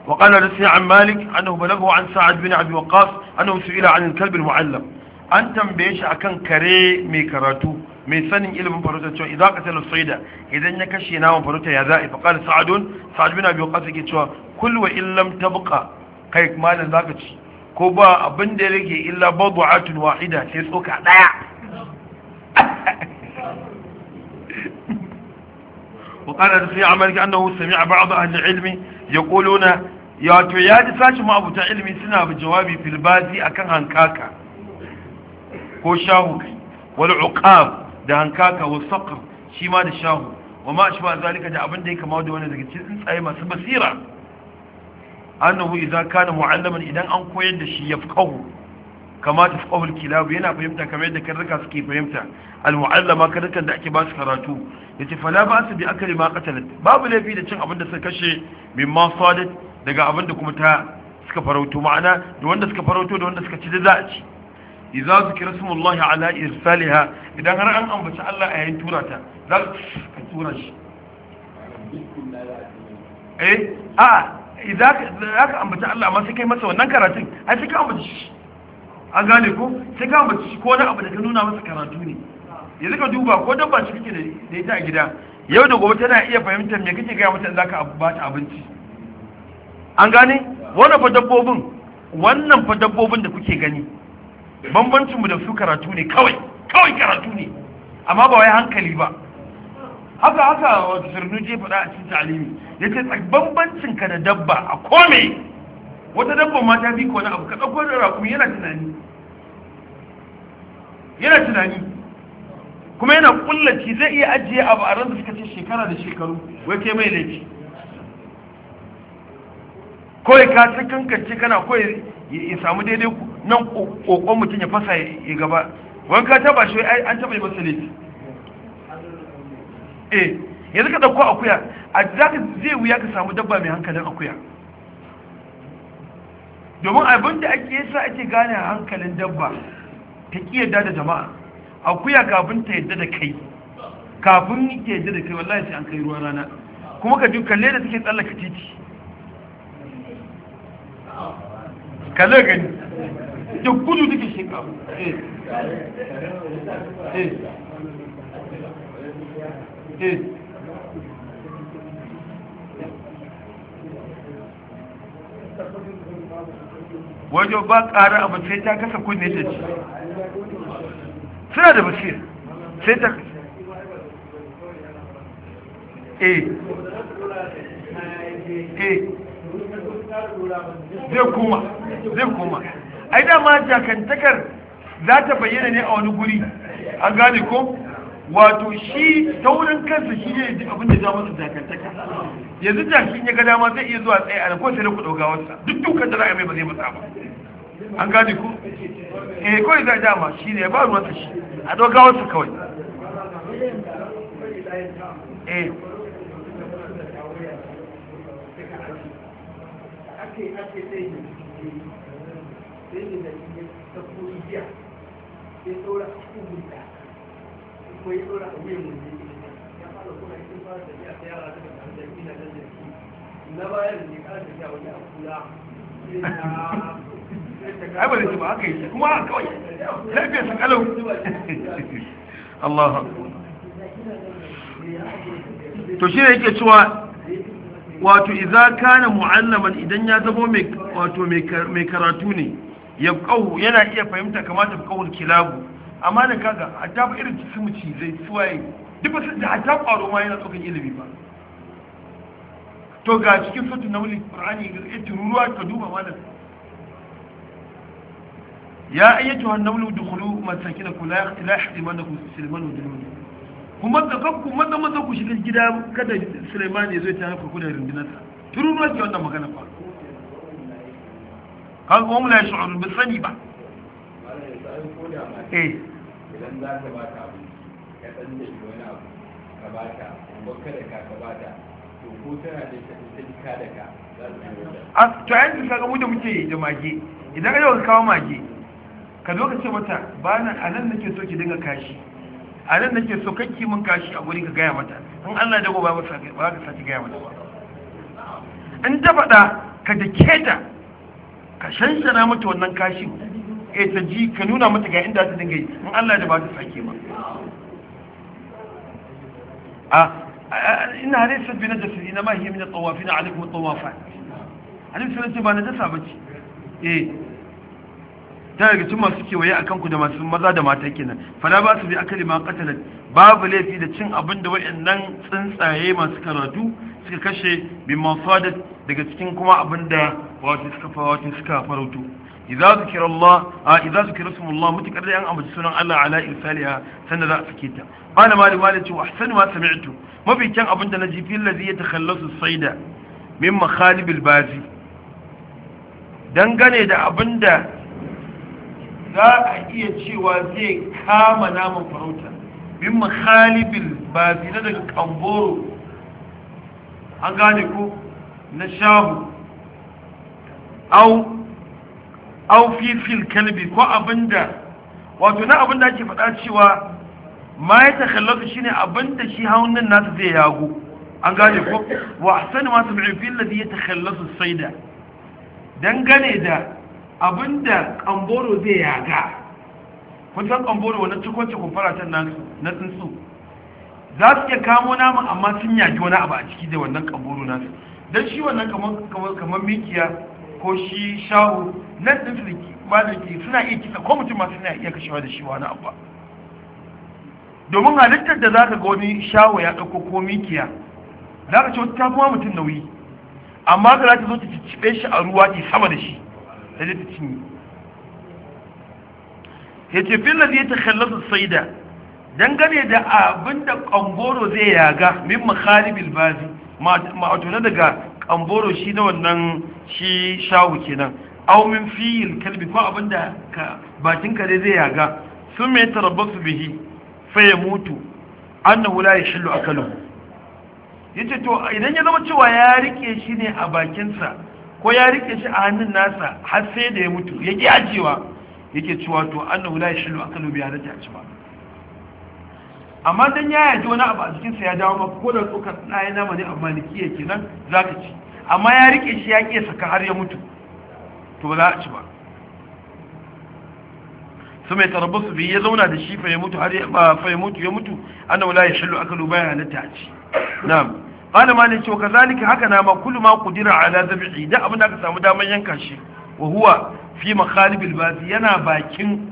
وقال رسي عن مالك أنه بلغه عن سعد بن عبد وقاص أنه سئل عن الكلب المعلم an tambaye shi akan kare mai karatu mai sanin ilimin farauta cewa idan ka tala saida idan ya kashe naman farauta ya za'i ifa qala sa'adun sa'adun bin abi waqas yake cewa kulwa wa illam tabqa kai za ka ci ko ba abin da ya rage illa ba badu'atun wahida sai tsoka daya وقال رسول عملك أنه سمع بعض أهل العلم يقولون يا تو يا دي ساشي ما أبو تعلمي سنة بجوابي في البازي أكن هنكاكا ko shahu kai wal uqab da hankaka wa saqr shi ma da shahu wa ma ashba zalika da abin da ya kama da wani daga cikin tsaye masu basira annahu idza kana mu'allaman idan an koyar da shi yafqahu kama ta fahimtar kilabu yana fahimta kamar yadda karnuka suke fahimta al-mu'allama karnukan da ake ba su karatu yace fala ba su bi akali ma qatalat babu laifi da cin abin da suka kashe min ma sadat daga abin da kuma ta suka farauto ma'ana da wanda suka farauto da wanda suka ci da za a ci idza ذكر اسم الله على idan har an ambaci Allah a yayin tura ta za ka tura shi eh a idza ka ambaci Allah amma sai kai masa wannan karatun ai sai ka ambaci shi an gane ko sai ka ambaci ko wani abu da ka nuna masa karatu ne yanzu ka duba ko ba shi kike da ita a gida yau da gobe tana iya fahimtar me kake gaya mata zaka ba ta abinci an gane wannan fa dabbobin wannan fa dabbobin da kuke gani bambancin mu da su karatu ne kawai kawai karatu ne amma ba wai hankali ba haka haka wato je faɗa a cikin ya ce bambancin ka da dabba a kome wata dabba ma ta bi ko wani abu ka ɗauko da raku yana tunani yana tunani kuma yana kullaci zai iya ajiye abu a ran da suka ce shekara da shekaru wai ke mai laifi kawai ka ci kankance kana kawai ya samu daidai ku nan kokon mutum ya fasa ya gaba wanka taba shi an taba yi masa laifi eh yanzu ka dauko akuya a zaka zai wuya ka samu dabba mai hankalin akuya domin abin da ake yasa ake gane hankalin dabba ta ki yadda da jama'a akuya kafin ta yadda da kai kafin ke yadda da kai wallahi sai an kai ruwan rana kuma ka ji kalle da take tsallaka titi kalle gani da gudu duka shekaru eh. eh. eh. wajen ba ƙara abu sai ta kasa kunne ta ci suna da basir sai ta kasa eh eh zai kuma zai kuma ai dama jakantakar za ta bayyana ne a wani guri an gane ko wato shi taurin kansa shi ne abin da jamus jakantaka yanzu jakin ya ga dama zai iya zuwa tsaye a ko sai ku dauka wasa duk dukkan da za a mai ba zai matsa ba an gane ku eh kawai za dama shi ne ba ruwansa shi a dauka wasa kawai eh ake ake sai yi da ya da ko ya tsora a wuyan mun ya da da da ba da ba sa Allah to shi ne yake cewa wato idza kana mu'allaman idan ya zama mai wato mai karatu ne yabqahu yana iya fahimta kamar yabqahul kilabu amma da kaga hatta ba irin cikin muci zai suwaye duk ba da hatta kwaro ma yana tsokan ilimi ba to ga cikin sautin na wuli qur'ani ga ita ruwa ta duba malam ya ayyatu an nawlu dukhulu ku la ku sulaiman wa dunun kuma da kanku maza maza ku shiga gida kada sulaiman ya zo ta tare ku da rundunarsa tururuwa ke wannan magana fa kaga kuma la shi'urun bi sani ba eh. idan za ka ba ta abu ka san da shi wani abu ka ba ta wakka da ka ba ta to ko tana da ka ta a yanzu kaga mu muke da mage idan ka yau kawo mage ka zo mata a nan nake so ki dinga kashi a nan nake so kanki mun kashi a guri ka gaya mata in Allah dago ba ka sake gaya mata ba in ta faɗa ka da ta ka shanshana mata wannan kashin e ta ji ka nuna mata ga inda ta dinga yi in Allah da ba ta sake ba a ina hadis sabbi na jasiri na hiya min tawafina alaikum tawafa hadis sun ce ba na dasa bace eh ta ga cikin masu kewaye a kanku da masu maza da mata kenan fala ba su bi akali ma qatalat babu laifi da cin abin da wayannan tsuntsaye masu karatu suka kashe bi mafadat daga cikin kuma abinda wato suka fa wato suka farauto idza zikra a idza zikra Allah mutakar da an ambaci sunan Allah ala irsaliha sanda za a sake ta bana mali mali ce wa ahsanu ma sami'tu mafi kyan abinda na naji fil ladhi yatakhallasu sayda min makhalib al-bazi dangane da abinda za a iya cewa zai kama naman farauta min makhalib al-bazi na daga kamboro an gane ko na shahu au au fifil kalbi ko abinda wato na abinda ake faɗa cewa ma ya takallatu shine abinda shi haunin nasu zai yago an gane ko wa ahsani ma sam'i fil ladhi yatakhallasu sayda dangane da abinda kamboro zai yaga kun san kamboro wannan kun fara faratan nan na tsuntsu za su iya kamo naman amma sun yaki wani abu a ciki da wannan kamboro nasu don shi wannan kamar mikiya ko shi shahu nan ba da ke suna iya kisa ko mutum masu suna iya kashewa da shi wani abu domin halittar da za ka ga wani shawo ya ɗauko ko mikiya za ka ce wata ta kuma mutum nauyi amma ka za ta zo ta shi a ruwa ke sama da shi da ta cinye ya ce fi ya ta kallasa saida dangane da abin da ƙangoro zai yaga min makhalibil bazi wato daga kamboro shi na wannan shi shahu kenan aw min fiyil kalbi ko abinda ka bakin ka dai zai yaga sun mai tarabbasu bihi fa ya mutu annahu la yashillu akaluhu yace to idan ya zama cewa ya rike shi ne a bakinsa ko ya rike shi a hannun nasa har sai da ya mutu ya ki ajewa yake cewa to annahu la yashillu akaluhu bi hadati ba. amma dan ya yaji wani abu a jikinsa ya dawo maka ko da tsokar ɗaya nama ne a ya kenan za ka ci amma ya rike shi ya ƙe saka har ya mutu to ba za a ci ba su mai tarabbasu bi ya zauna da shi fa ya mutu har ya mutu ya mutu annahu la yashillu akalu baya halatta a ci na'am qala malik cewa kazalika haka na ma kullu ma qudira ala dhabhi da abin da aka samu daman yanka shi wa huwa fi makhalibil bazi yana bakin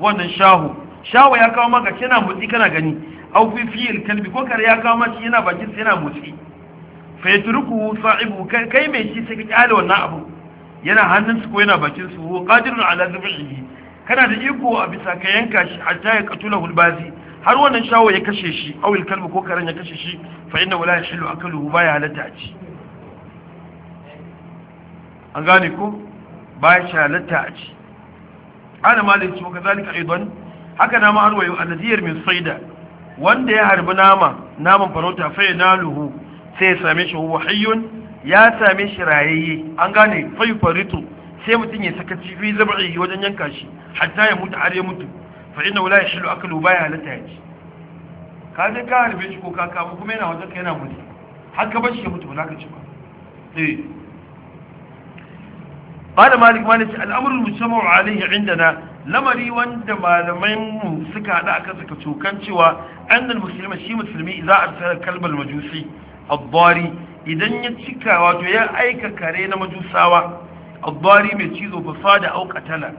wannan shahu shahu ya kawo maka kina mutsi kana gani aw fi fiyil kalbi ko kare ya kawo mashi yana bakin sai yana motsi fa yatruku sa'ibu kai mai shi sai ka kyale wannan abu yana hannun su ko yana bakin su wa qadirun ala dhabihi kana da iko a bisa ka yanka shi a ya katula hulbazi har wannan shawo ya kashe shi aw il kalbi ko karen ya kashe shi fa inna wala yahillu akaluhu baya halatta a ci an gane ko baya halatta a ci ana malin su kazalika aidan haka na ma an annadiyar min saida wanda ya harbi nama naman farauta fai na luhu sai ya same shi wahayun ya same shi rayayye an gane fai faritu sai mutum ya saka cifi zama zabi'i wajen yanka shi hatta ya mutu har ya mutu fa inna la yahlu luba ya halatta ya ci ka je ka harbe shi ko ka kama kuma yana wajen ka yana mutu har ka bar shi ya mutu ba za ka ci ba Ba da eh قال مالك مالك الأمر المجتمع inda na. lamari wanda malamanmu suka haɗa aka suka cokan cewa annal musulmi shi musulmi za a tsara kalbal majusi Abuwari idan ya cika wato ya aika kare na majusawa Abuwari mai cizo fasa da aukatala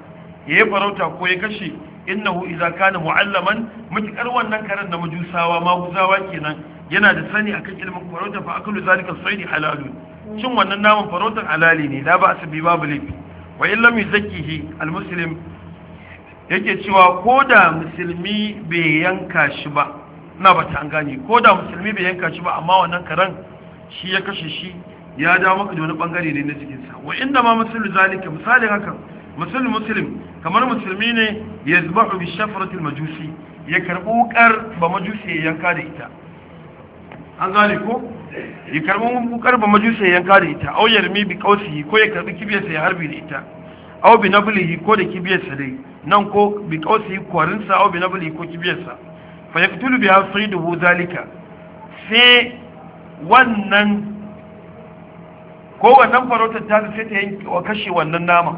ya yi farauta ko ya kashe innahu idza kana mu'allaman mutakar wannan karen na majusawa maguzawa kenan yana da sani akan ilimin farauta fa akalu zalika sayyidi halalun cin wannan naman farautar halali ne la ba asabi babu laifi wa in yuzakkihi almuslim yake cewa ko da musulmi bai yanka shi ba na bata an gane ko da musulmi bai yanka shi ba amma wannan karan shi ya kashe shi ya dawo maka da wani bangare ne na jikinsa wa inda ma musulmi zalika misalin hakan musulmi musulmi kamar musulmi ne ya zuba bi shafaratul majusi ya karɓi wukar ba majusi ya yanka da ita an gane ko ya karɓi wukar ba majusi ya yanka da ita au yarmi bi kausi ko ya karɓi kibiyarsa ya harbi da ita au bi nabli ko da kibiyarsa dai nan ko bi kwarin sa au bi nabli ko kibiyarsa fa yaqtulu biha sayduhu zalika fi wannan ko wannan farautar ta sai ta yanke wa kashe wannan naman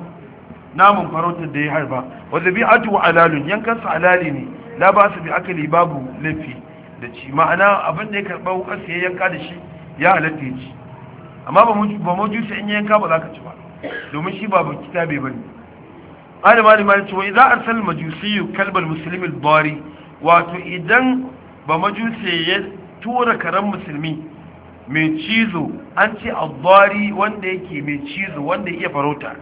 namun farautar da ya harba wa zabi'atu alalun yankan sa alali ne la ba su bi akali babu lafi da ci ma'ana abin da ya karba wukar sai yanka da shi ya halatta ya ci amma ba mu sai in yanka ba za ka ci ba domin shi ba kitabe bane ana malin malin cewa idan arsal majusiyu kalbar musulmi bari wato idan ba majusi ya tura karen musulmi mai cizo an ce abbari wanda yake mai cizo wanda iya farauta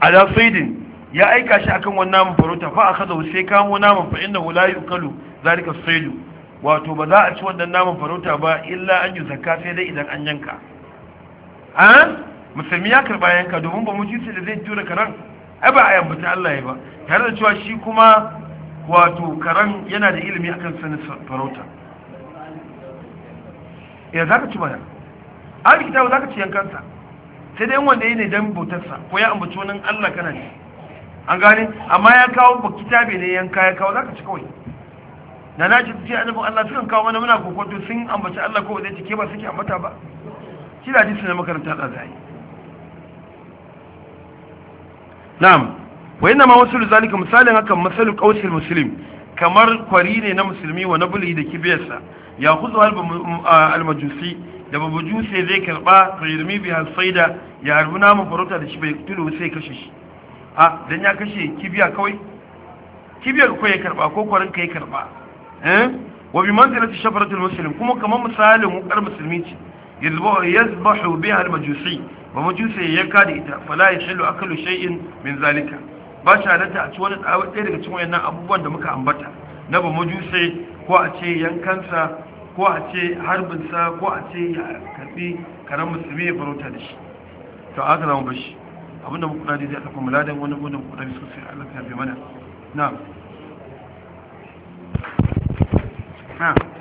ala saidin ya aika shi akan wani namun farauta fa aka zau sai kamo naman fa inda wula yi ukalu zalika saidu wato ba za a ci wannan naman farauta ba illa an yi zakka sai dai idan an yanka a ah? musulmi ya karba yanka domin ba mu da zai tura karen ai ba a yambata Allah ya ba tare da cewa shi kuma wato karan yana da ilimi akan sanin farauta ya za ka ci mana a rikita za ka ci yankansa sai dai wanda ya ne don bautarsa ko ya ambaci wani Allah kana ne an gane amma ya kawo ba kitabe ne yanka ya kawo za ka ci kawai na na ci ce annabin Allah sukan kawo mana muna kokoto sun ambaci Allah ko zai cike ba suke ambata ba shi da hadisi na makaranta da zai na'am wa inna ma wasu zalika misalin hakan masalu qausil muslim kamar kwari ne na musulmi wa nabuli da kibiyarsa ya khuzu ah, al-majusi da babujuse zai karba fayyarmi bi hasaida ya harbi namun farauta da shi bai tulu sai kashe shi a ah, dan ya kashe kibiya kawai kibiyar ko ya karba ko kwarin ka ya karba eh wa bi manzilati shafaratul muslim kuma kamar misalin wukar musulmi ce yazbahu biha al-majusi ba mu juse ya da ita fala ya shilu akalu shay'in min zalika ba shi da a ci wani ɗaya daga cikin wayannan abubuwan da muka ambata na ba mu juse ko a ce yankansa ko a ce harbinsa ko a ce ya karbi karan musulmi ya farauta da shi to aka zama bashi abinda mu kuna zai aka kuma ladan wani gudun kudade sosai Allah ta bi mana na'am na'am